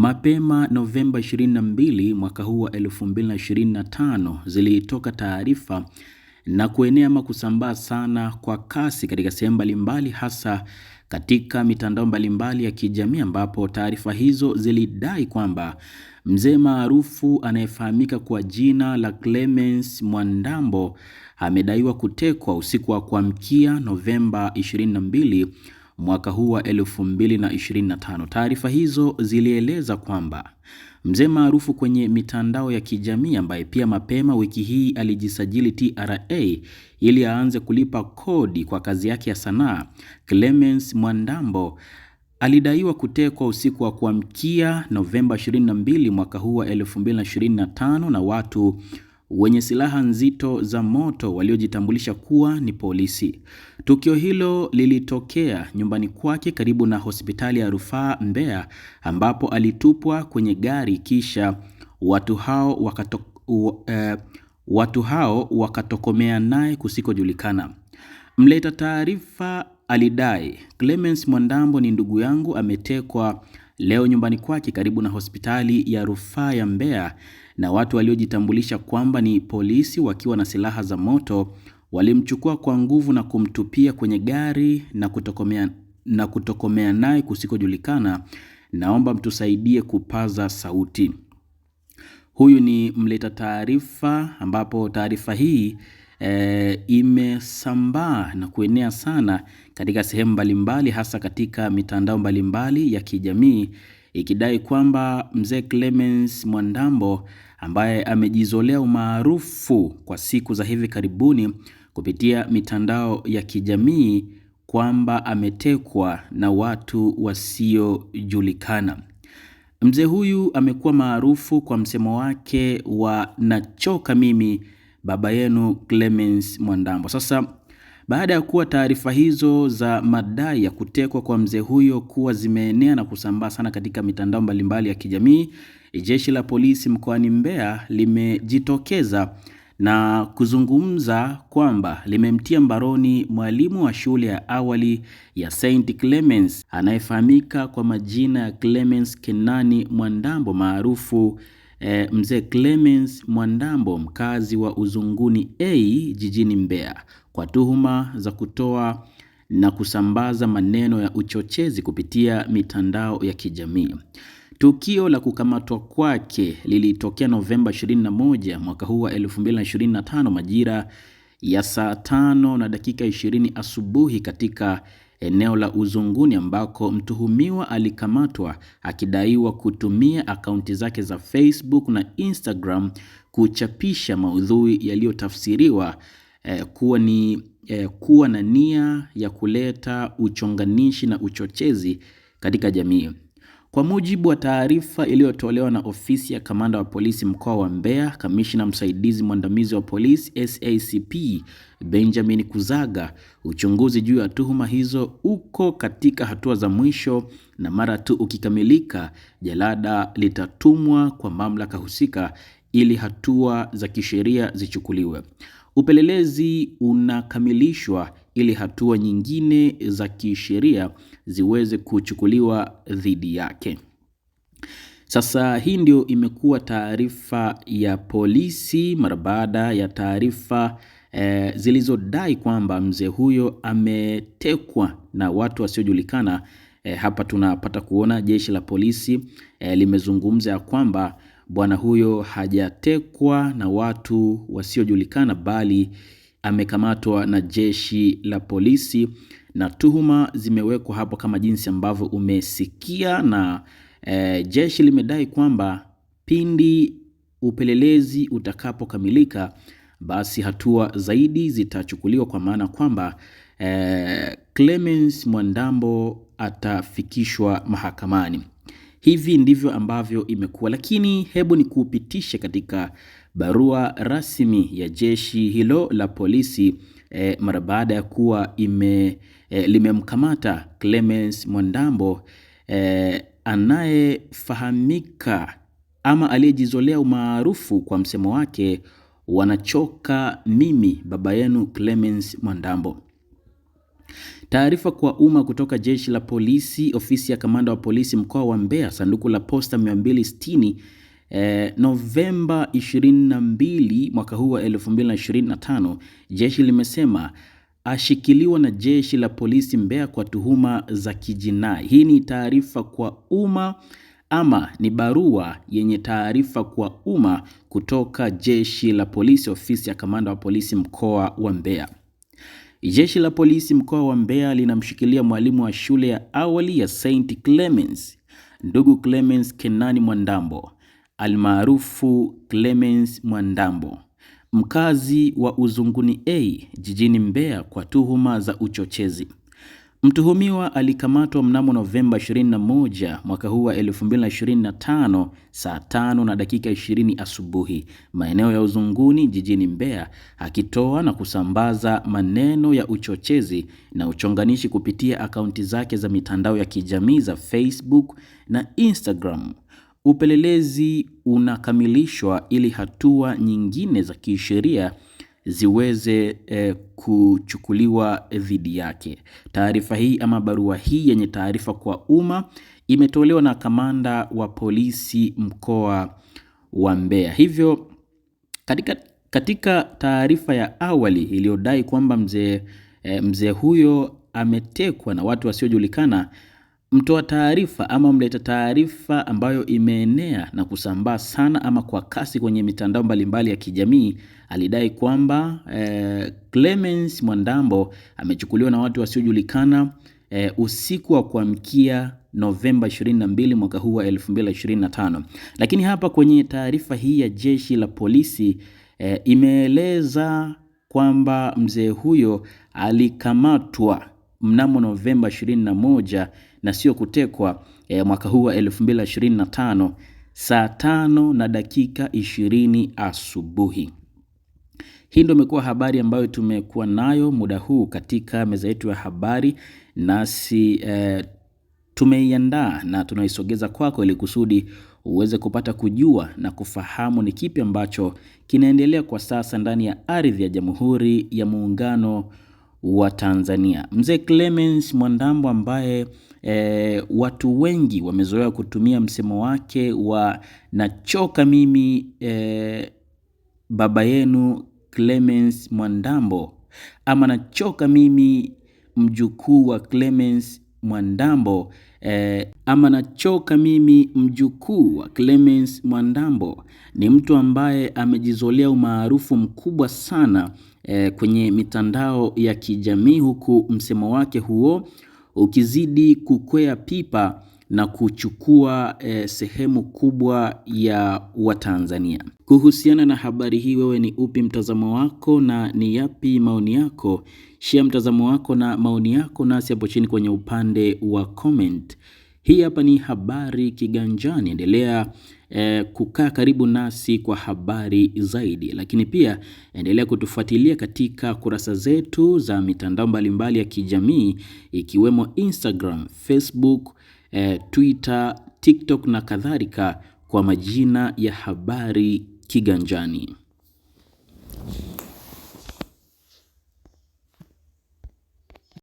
Mapema Novemba 22 mwaka huu wa 2025 zilitoka taarifa na kuenea ama kusambaa sana kwa kasi katika sehemu mbalimbali, hasa katika mitandao mbalimbali ya kijamii, ambapo taarifa hizo zilidai kwamba mzee maarufu anayefahamika kwa jina la Clemence Mwandambo amedaiwa kutekwa usiku wa kuamkia Novemba 22 mwaka huu wa 2025. Taarifa hizo zilieleza kwamba mzee maarufu kwenye mitandao ya kijamii ambaye pia mapema wiki hii alijisajili TRA ili aanze kulipa kodi kwa kazi yake ya sanaa, Clemens Mwandambo alidaiwa kutekwa usiku wa kuamkia Novemba 22 mwaka huu wa 2025 na watu wenye silaha nzito za moto waliojitambulisha kuwa ni polisi. Tukio hilo lilitokea nyumbani kwake karibu na hospitali ya rufaa Mbeya, ambapo alitupwa kwenye gari kisha watu hao wakato, uh, e, watu hao wakatokomea naye kusikojulikana. Mleta taarifa alidai Clemence Mwandambo ni ndugu yangu, ametekwa leo nyumbani kwake karibu na hospitali ya rufaa ya Mbeya na watu waliojitambulisha kwamba ni polisi wakiwa na silaha za moto Walimchukua kwa nguvu na kumtupia kwenye gari na kutokomea na kutokomea naye kusikojulikana. Naomba mtusaidie kupaza sauti. Huyu ni mleta taarifa, ambapo taarifa hii e, imesambaa na kuenea sana katika sehemu mbalimbali, hasa katika mitandao mbalimbali ya kijamii ikidai kwamba mzee Clemens Mwandambo ambaye amejizolea umaarufu kwa siku za hivi karibuni kupitia mitandao ya kijamii kwamba ametekwa na watu wasiojulikana. Mzee huyu amekuwa maarufu kwa msemo wake wa nachoka mimi baba yenu Clemens Mwandambo. Sasa baada ya kuwa taarifa hizo za madai ya kutekwa kwa mzee huyo kuwa zimeenea na kusambaa sana katika mitandao mbalimbali ya kijamii, jeshi la polisi mkoani Mbeya limejitokeza na kuzungumza kwamba limemtia mbaroni mwalimu wa shule ya awali ya St Clemens anayefahamika kwa majina ya Clemens Kenani Mwandambo maarufu e, mzee Clemens Mwandambo mkazi wa Uzunguni A jijini Mbeya kwa tuhuma za kutoa na kusambaza maneno ya uchochezi kupitia mitandao ya kijamii. Tukio la kukamatwa kwake lilitokea Novemba 21 mwaka huu wa 2025 majira ya saa tano na dakika 20 asubuhi katika eneo la Uzunguni ambako mtuhumiwa alikamatwa akidaiwa kutumia akaunti zake za Facebook na Instagram kuchapisha maudhui yaliyotafsiriwa eh, kuwa ni eh, kuwa na nia ya kuleta uchonganishi na uchochezi katika jamii. Kwa mujibu wa taarifa iliyotolewa na ofisi ya kamanda wa polisi mkoa wa Mbeya, kamishna msaidizi mwandamizi wa polisi SACP Benjamin Kuzaga, uchunguzi juu ya tuhuma hizo uko katika hatua za mwisho na mara tu ukikamilika, jalada litatumwa kwa mamlaka husika ili hatua za kisheria zichukuliwe. Upelelezi unakamilishwa ili hatua nyingine za kisheria ziweze kuchukuliwa dhidi yake. Sasa hii ndio imekuwa taarifa ya polisi mara baada ya taarifa e, zilizodai kwamba mzee huyo ametekwa na watu wasiojulikana. E, hapa tunapata kuona jeshi la polisi e, limezungumza ya kwamba bwana huyo hajatekwa na watu wasiojulikana bali amekamatwa na jeshi la polisi na tuhuma zimewekwa hapo kama jinsi ambavyo umesikia, na e, jeshi limedai kwamba pindi upelelezi utakapokamilika basi hatua zaidi zitachukuliwa, kwa maana kwamba e, Clemens Mwandambo atafikishwa mahakamani. Hivi ndivyo ambavyo imekuwa, lakini hebu nikupitishe katika barua rasmi ya jeshi hilo la polisi e, mara baada ya kuwa ime, e, limemkamata Clemens Mwandambo eh, anayefahamika ama aliyejizolea umaarufu kwa msemo wake wanachoka mimi baba yenu Clemens Mwandambo. Taarifa kwa umma kutoka jeshi la polisi, ofisi ya kamanda wa polisi mkoa wa Mbeya, sanduku la posta 260 Eh, Novemba 22 mwaka huu wa 2025, jeshi limesema ashikiliwa na jeshi la polisi Mbeya kwa tuhuma za kijinai. Hii ni taarifa kwa umma ama ni barua yenye taarifa kwa umma kutoka jeshi la polisi ofisi ya kamanda wa polisi mkoa wa Mbeya. Jeshi la polisi mkoa wa Mbeya linamshikilia mwalimu wa shule ya awali ya St. Clemens, ndugu Clemens Kenani Mwandambo almaarufu Clemens Mwandambo, mkazi wa Uzunguni A jijini Mbeya kwa tuhuma za uchochezi. Mtuhumiwa alikamatwa mnamo Novemba 21 mwaka huu wa 2025 saa tano na dakika 20 asubuhi maeneo ya Uzunguni jijini Mbeya, akitoa na kusambaza maneno ya uchochezi na uchonganishi kupitia akaunti zake za mitandao ya kijamii za Facebook na Instagram upelelezi unakamilishwa ili hatua nyingine za kisheria ziweze eh, kuchukuliwa dhidi yake. Taarifa hii ama barua hii yenye taarifa kwa umma imetolewa na kamanda wa polisi mkoa wa Mbeya. Hivyo katika, katika taarifa ya awali iliyodai kwamba mzee eh, mzee huyo ametekwa na watu wasiojulikana Mtoa taarifa ama mleta taarifa ambayo imeenea na kusambaa sana ama kwa kasi kwenye mitandao mbalimbali ya kijamii alidai kwamba eh, Clemence Mwandambo amechukuliwa na watu wasiojulikana eh, usiku wa kuamkia Novemba 22 mwaka huu wa 2025. Lakini hapa kwenye taarifa hii ya jeshi la polisi eh, imeeleza kwamba mzee huyo alikamatwa mnamo Novemba 21 na sio kutekwa e, mwaka huu wa 2025 saa tano na dakika ishirini asubuhi. Hii ndio imekuwa habari ambayo tumekuwa nayo muda huu katika meza yetu ya habari, nasi e, tumeiandaa na tunaisogeza kwako ili kusudi uweze kupata kujua na kufahamu ni kipi ambacho kinaendelea kwa sasa ndani ya ardhi ya Jamhuri ya Muungano wa Tanzania. Mzee Clemens Mwandambo ambaye e, watu wengi wamezoea kutumia msemo wake wa nachoka mimi e, baba yenu Clemens Mwandambo ama nachoka mimi mjukuu wa Clemens Mwandambo eh, ama nachoka mimi. Mjukuu wa Clemens Mwandambo ni mtu ambaye amejizolea umaarufu mkubwa sana eh, kwenye mitandao ya kijamii, huku msemo wake huo ukizidi kukwea pipa na kuchukua eh, sehemu kubwa ya Watanzania. Kuhusiana na habari hii, wewe ni upi mtazamo wako na ni yapi maoni yako? Shia mtazamo wako na maoni yako nasi hapo chini kwenye upande wa comment. Hii hapa ni Habari Kiganjani. Endelea eh, kukaa karibu nasi kwa habari zaidi, lakini pia endelea kutufuatilia katika kurasa zetu za mitandao mbalimbali ya kijamii ikiwemo Instagram, Facebook eh, Twitter, TikTok na kadhalika kwa majina ya habari kiganjani.